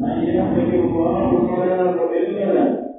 من يهده الله فلا مضل له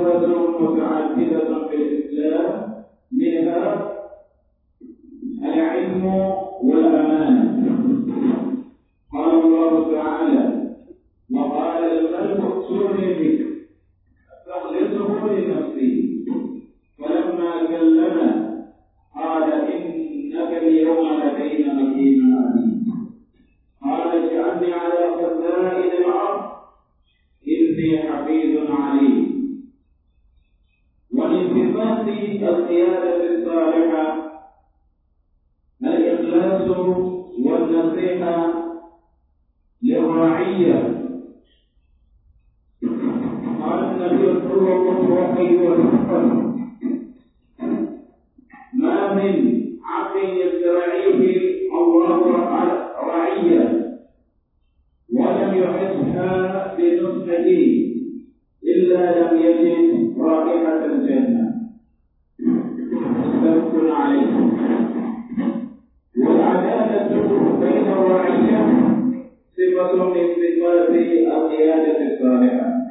صورة متعددة في الإسلام منها العلم والأمان قال الله تعالى فصل من صفات القيادة الصالحة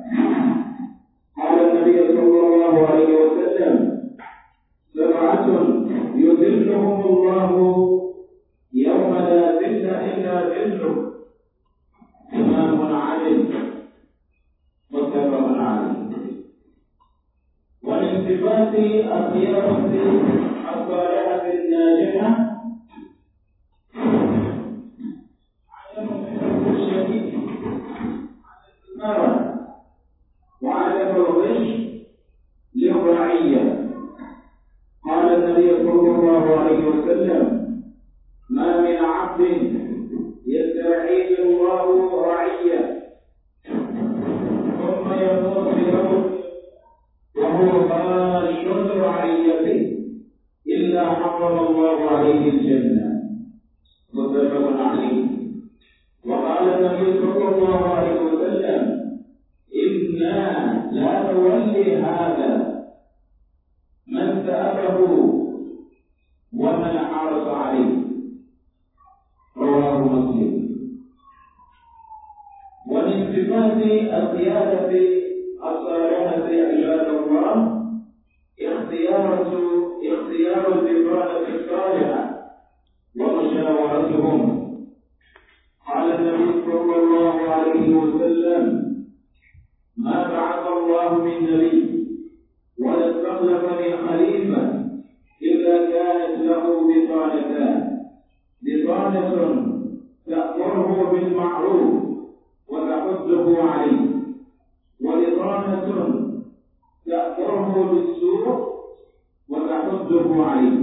قال النبي صلى الله عليه وسلم سبعة يذلهم الله يوم لا ذل إلا ذله إمام عادل متفق عليه ومن صفات القيادة لا تولي هذا من سأله ومن حرص عليه رواه مسلم ومن صفات القيادة الصالحة عباد الله اختيار الإمرأة الصالحة ومشاورتهم قال النبي صلى الله عليه وسلم ما بعث الله من نبي ولا استخلف من خليفة إلا كانت له بطانتان بطانة تأمره بالمعروف وتحده عليه ولطانة تأمره بالسوء وتحده عليه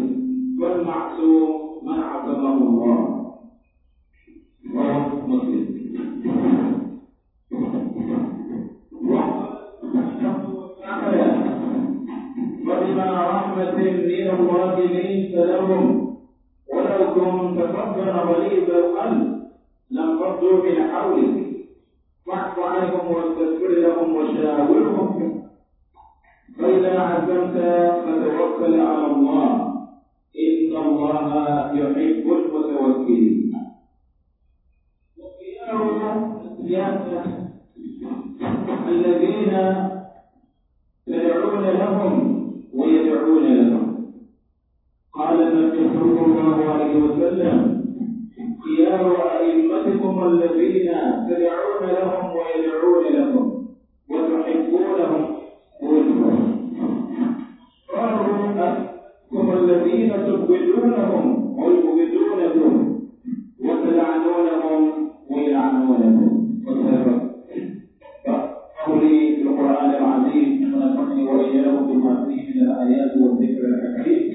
والمعصوم من عصمه الله رواه مسلم إلى الله ليس لهم ولو كنت فظا غليظ القلب لانفضوا من حولك فاعف عنهم واستغفر لهم وشاورهم فإذا عزمت فتوكل على الله إن الله يحب المتوكلين الذين صلى الله عليه وسلم الذين تدعون لهم ويدعون لكم وتحبونهم قالوا الذين وتلعنونهم ويلعنونكم قولي القران العظيم ونفعني وإياه بما فيه من الايات والذكر الحكيم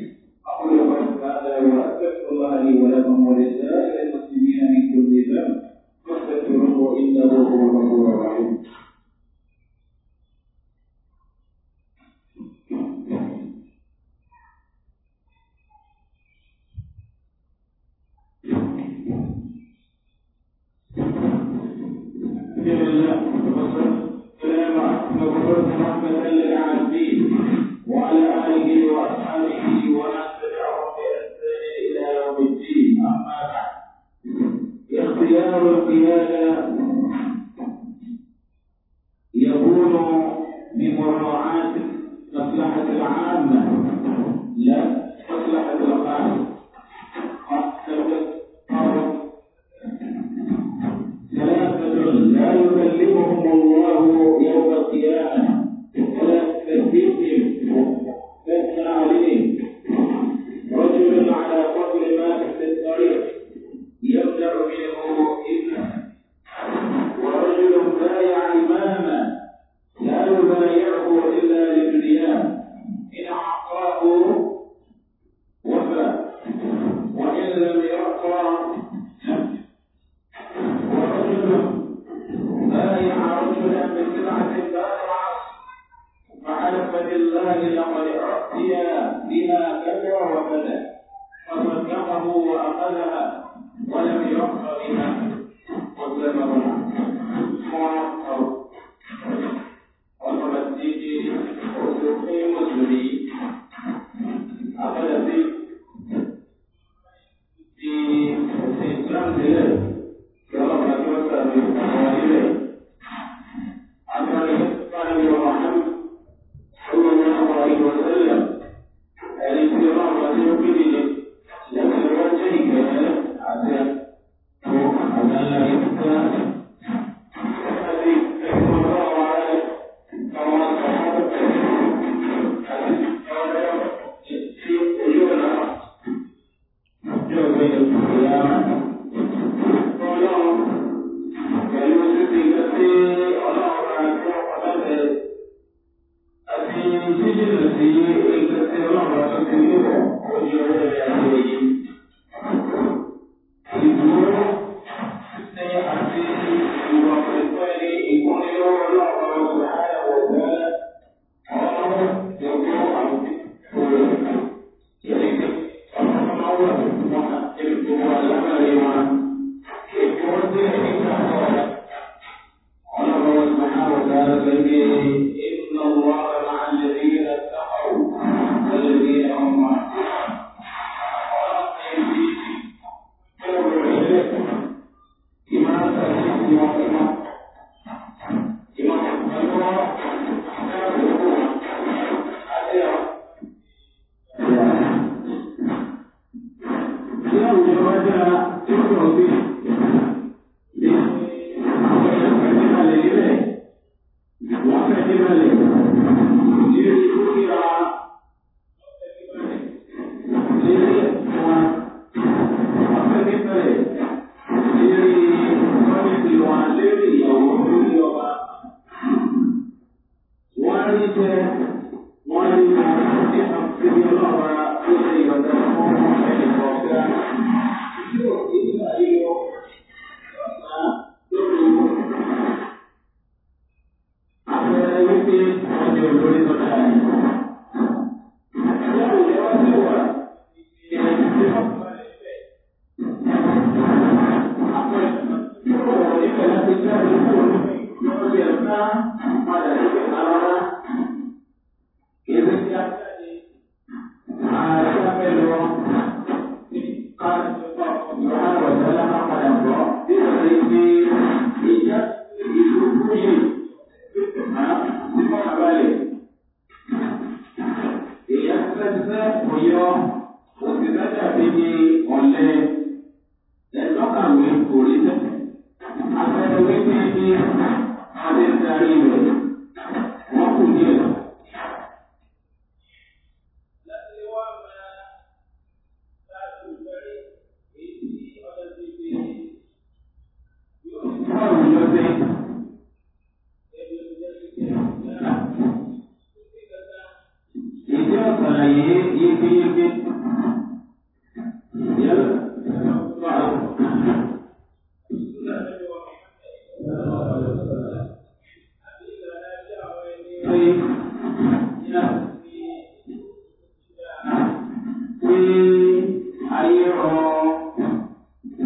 ayé rọ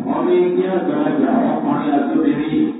wọ́n fi ń gbé àgbàlagbà ọkùnrin àti obìnrin.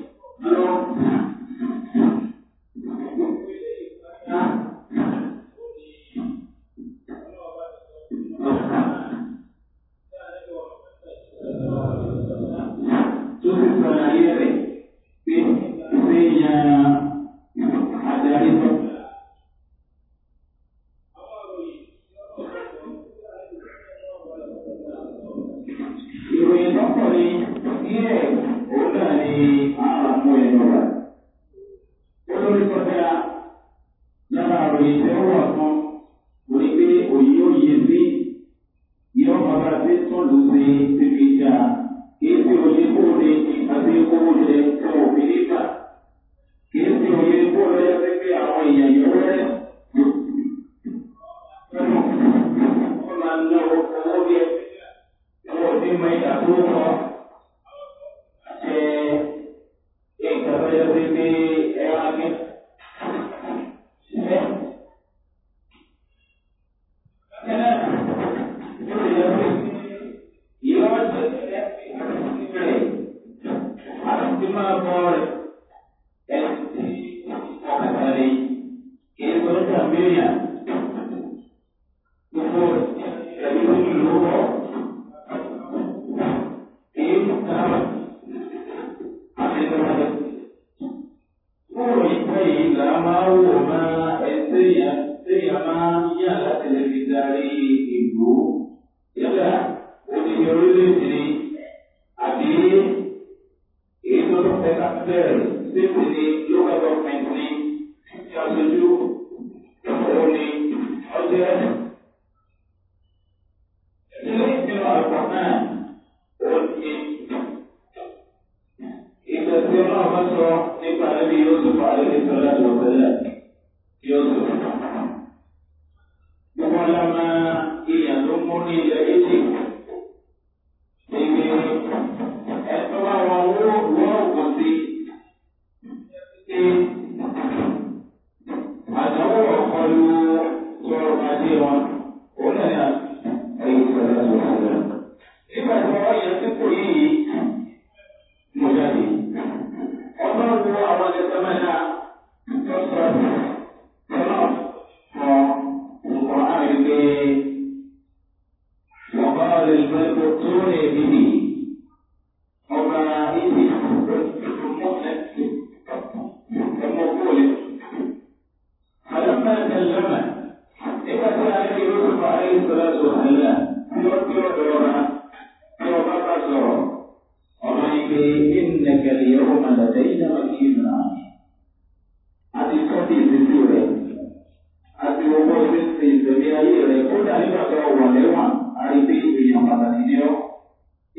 kódà nígbà tó wà lẹ́wọ̀n àrídé èèyàn pàtàkì ní ọ.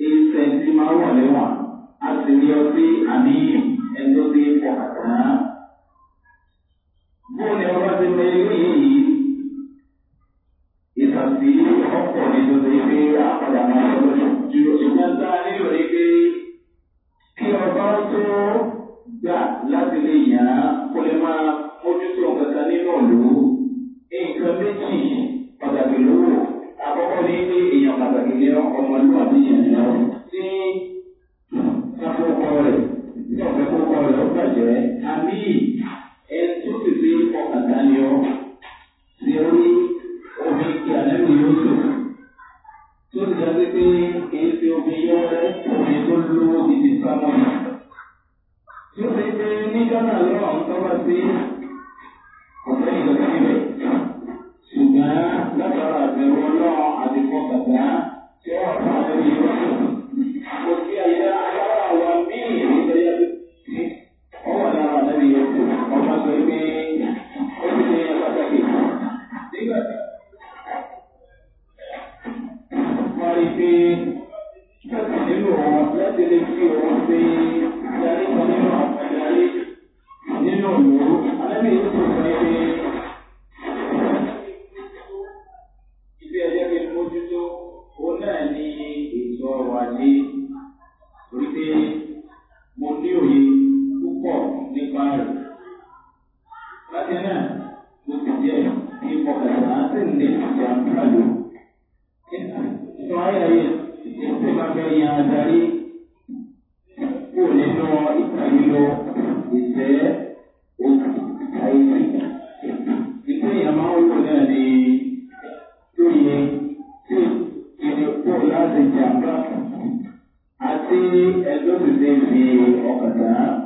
Iṣẹ́ ti máa wà lẹ́wọ̀n a sì ní ọ sí àníyàn ẹni tó ti pọ̀ kàtàkì. Bó ni ọba ti mọ ilé yìí? Ìtàsí ọ̀pọ̀ ní tó ti pé àpàdà máa ń lọ ju ṣùgbọ́n tá a nílò ní pé kí ọba tó gbà láti lè yàn án kó lè máa. within the Okata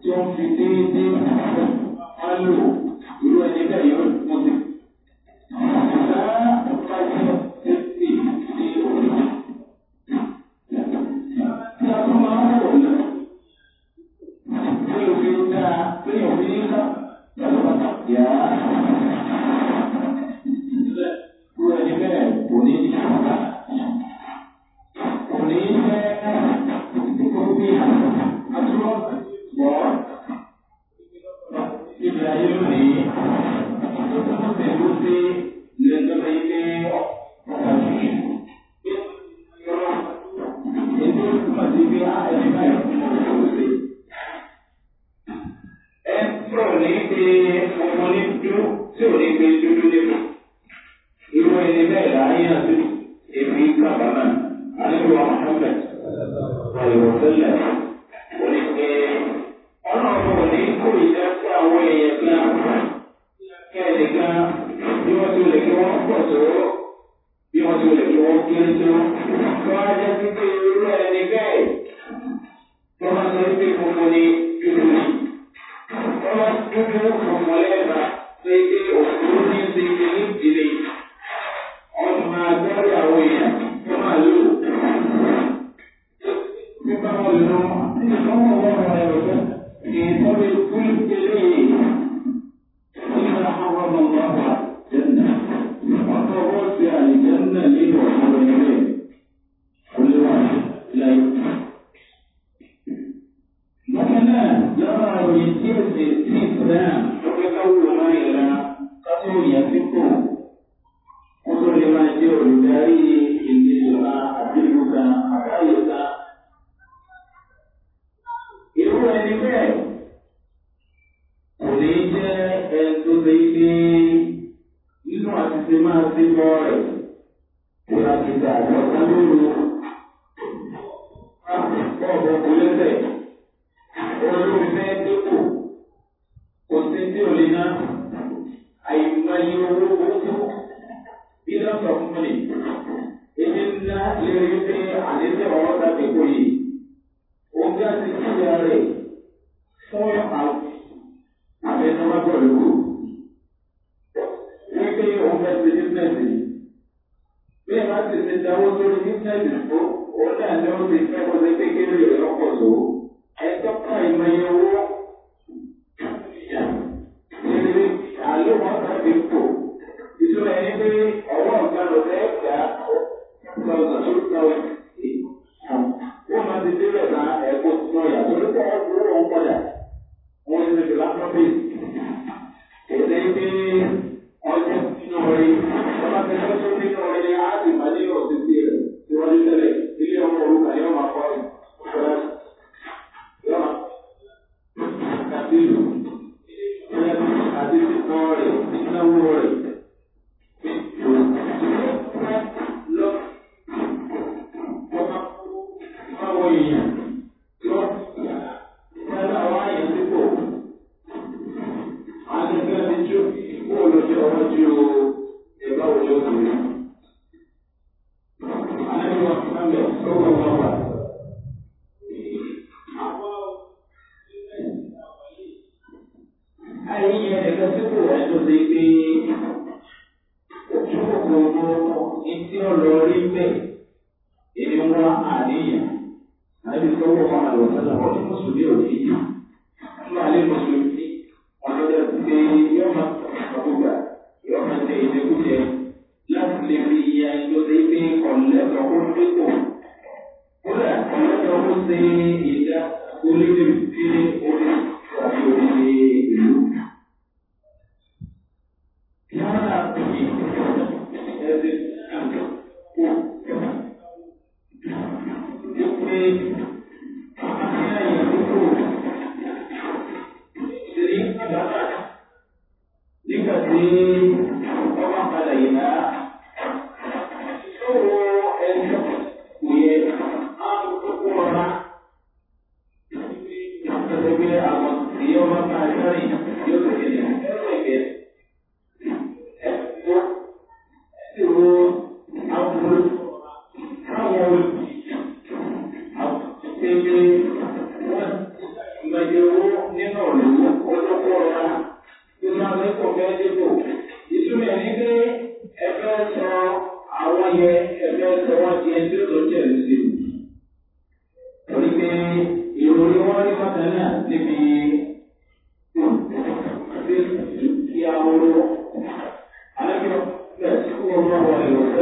tí ó ń fi déédéé wá lò irú ẹni bẹ́ẹ̀ yóò bí wọ́n ti lè kí wọ́n pọ̀ tó bí wọ́n ti lè kí wọ́n kéré tó. wọ́n á jẹ́ pípé irú ẹni bẹ́ẹ̀ tó máa sọ pé funfun ni dúdú ni. wọ́n máa dúdú funfun lẹ́ẹ̀bàá. bóyá ti da àjọ kan lóru ọ̀bọ̀ kò lẹ́sẹ̀ olórí fẹ́ dépò kò sí tí ò lè ná àyùmáyé owó bí lọ́sọ̀ fún mi èmi ńlá lè rí pé àlejò ọ̀rọ̀ ta dépò yìí oúnjẹ ti kíyà rẹ̀ fún àwọn abẹnumagbọ̀ lóko wípé òun fẹ́ ṣe bísíǹnẹ̀sì bí ẹ bá sì ti dáwọ́ sórí íńtánẹ̀tì tó òun náà ni ó ti kẹ́kọ̀ọ́ sí kékeré rẹ̀ lọ́pọ̀ tó ẹjọ́ kan ìmọ̀ye owó ìrírí àlùmọ́ tàbí kò ìtura ẹni pé ọwọ́ nǹkan lọ fẹ́ gbà lọ́sọ̀ tó tọ́ wọ́n máa ti dé rẹ̀ náà ẹ̀kọ́ tó yà lórí pé wọ́n fi owó wọn padà wọ́n ti ti fi lápá bẹ́ẹ̀ èdè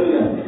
Hallelujah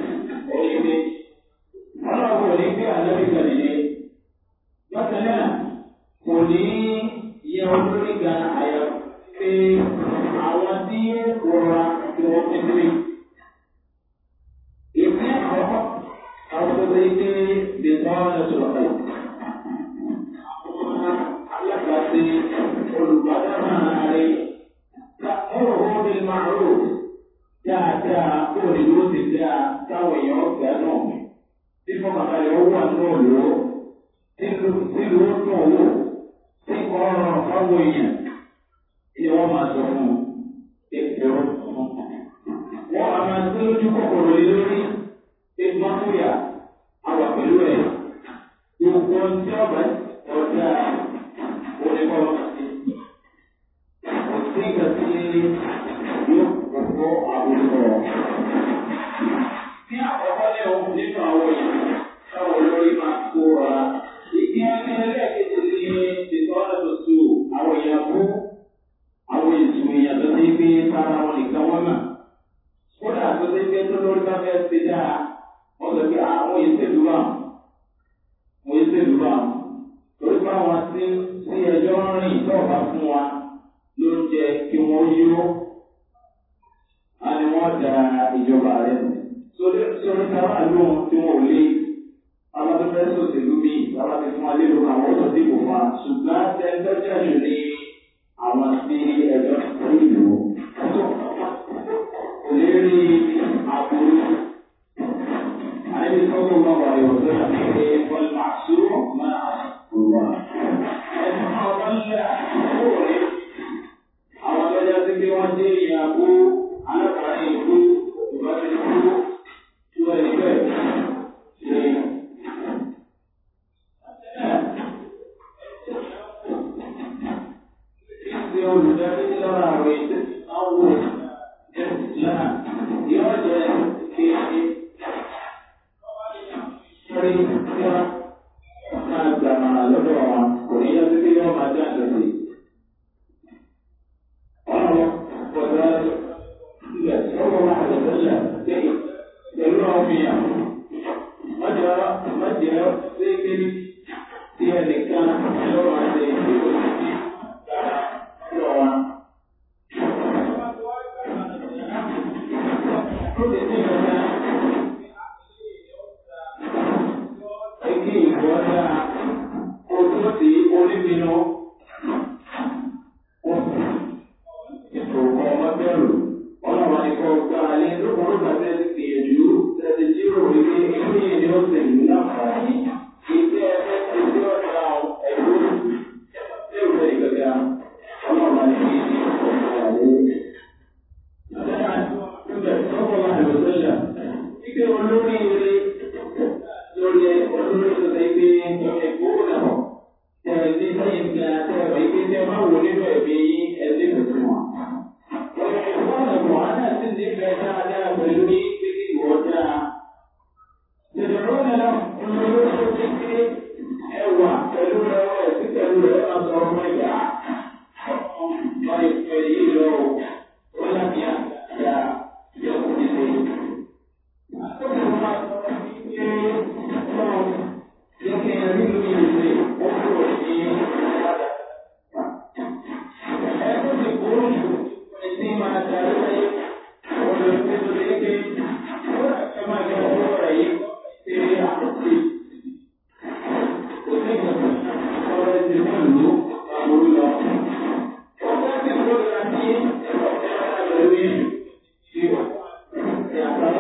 your mentality or our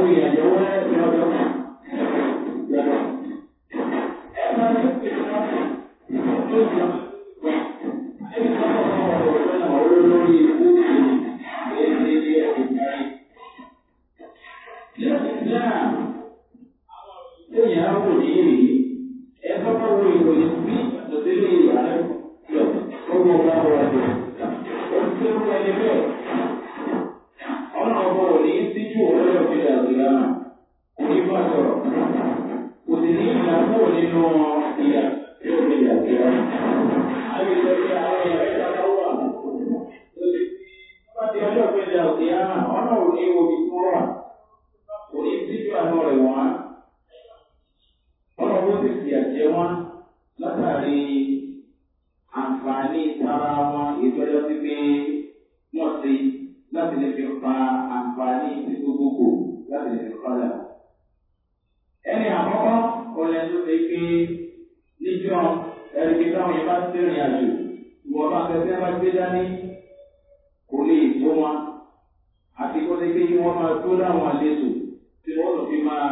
对，有嘞，有有。àwọn ẹni tó ṣe pé níjọ́ ẹni pé káwọn yẹn bá ti rìn àjò ìwọ̀n bá fẹ́ fẹ́ bá gbé dání kò lè tó wọn àti kó ṣe pé kí wọ́n máa tó láwọn àlejò tí wọ́n lọ fi máa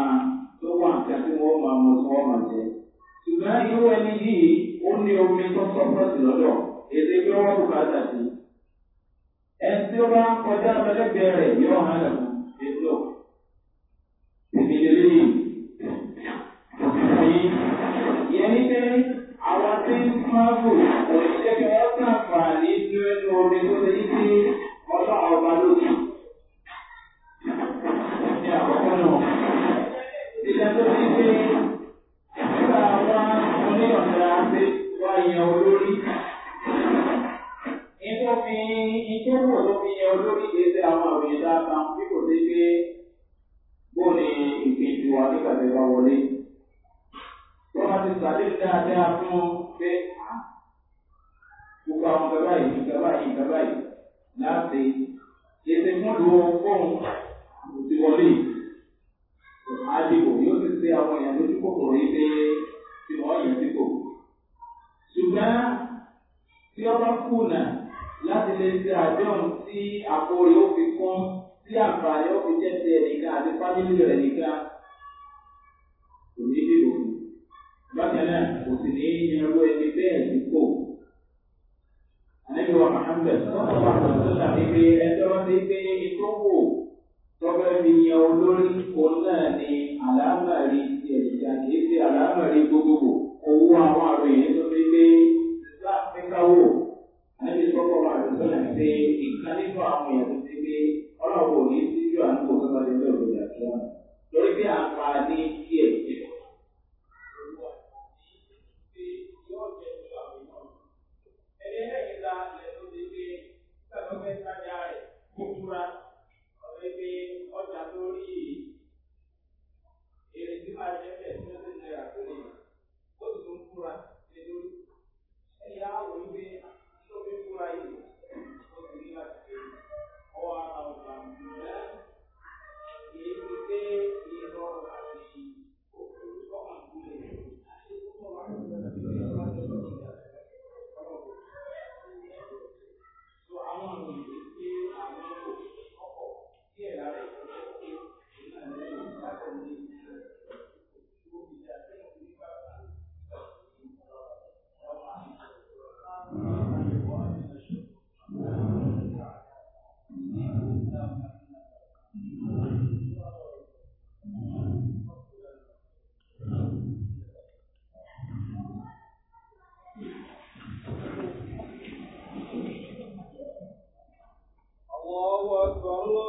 tó wà nǹkan tí wọ́n máa mọ̀ tí wọ́n máa jẹ. ṣùgbọ́n irú ẹni yìí ó ní omi tó sọ́pọ̀tì lọ́dọ̀ èdè pé wọ́n kò bá dà sí. ẹni tí kọjá lọ́lẹ́gbẹ̀ẹ́ rẹ̀ yóò hàn lẹ́kùn èdè wù òṣìṣẹ́ kí wọ́n sàǹfààní nínú ẹnu omi tó ṣe yí sí ọlọ́ ọba lójú. Ní àkọ́kọ́ náà, ìṣẹ́ tó ti gbé nígbà wá oníyànjẹ́ àti wá yan olórí. Inú mi ijó wò ló fi yan olórí kéde àwọn àròyìn dáadáa bí kò sí pé bó ni ìgbìyànjú wa nígbà tí pé àwọn nǹkan báyìí nǹkan báyìí nǹkan báyìí láti ètò ìmúlò fóun kò ti wọlé àdìbò yóò ti ṣe àwọn èèyàn lójú kòkòrò yìí pé tí wọ́n yàn sípò. ṣùgbọ́n tí ọba kùnà láti lè ṣe àdéhùn tí àpò rẹ̀ ó fi kún tí àǹfààní ó fi jẹ́ ti ẹnìkan àti fámìlì rẹ̀ nìkan kò ní bí òkú. bákan náà kò sì ní yanrú ẹni bẹ́ẹ̀ nípò àlejò wa mohammed sọ́kọ̀ọ́sọ́kọ̀ níbi ẹjọ́ ti gbé ikú wò tọ́gbẹ́ mi yan olórí òun náà ni àlámàrí ti ẹ̀jẹ̀ kìí ṣe àlámàrí gbogbogbò owó àwọn àròyìn tó fi gbé islam pípa wò àlejò sọ́kọ̀ọ́sọ́kọ̀ àdúgbò ṣe ìkan nínú àwọn èèyàn tó ti gbé ọlọ́wọ́ ní síjú àdúgbò tó bá lè lọ́ọ̀dọ̀ yàtọ̀ lórí bí àǹfààní tiẹ̀